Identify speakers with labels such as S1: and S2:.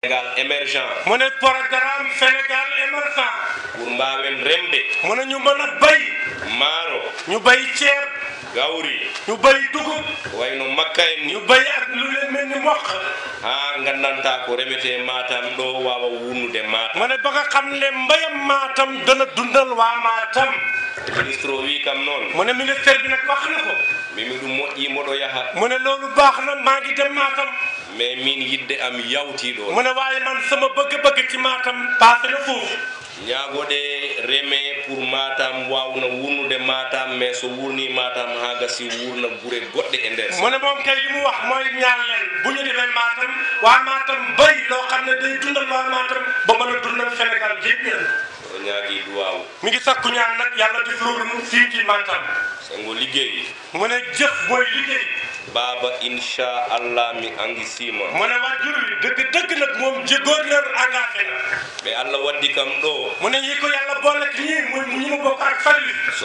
S1: Sénégal émergent mu ne programme Sénégal émergent pour mbawen remde mu ñu mën a bay maaro ñu bay ceeb gawri ñu bay dugub wayno makka en ñu bay ak
S2: lu mokk
S1: ha gandanta ko remete matam ɗo wawa wunnude matam mu ne ba nga xam ne mbayam matam dana dundal waa matam ministre o wi kam noon mu ne ministère bi nag wax na ko mimi ɗum moƴƴi moɗo yaha mu ne loolu baax na maa ngi dem mais min yidde am yawtiɗo o mune wawi man somo bëgge bëgge ci matam pasano foof
S3: ñagoɗe reme pour
S1: matam wawna wurnude matam mais so wurni matam ha gasi wurna guure goɗɗe e nder a moom kay yimu wax mooy ñallen buñu demee matam wa matam bari loo xam ne day dundal wa matam ba mën a dundal sénégal jibɓen
S3: o ñaagui duwaw
S1: mi ngi sakku ñaan nag yàlla def loolu fii ci matam
S3: liggéey baaba insha allah mi angisima mona wajjur wi
S1: dëgg dëgg nag moom
S2: gouverneur engagé na
S3: ɓe allah waddi kam ɗo
S2: mona yi ko yàlla boole ki ñi mu mu bokk ak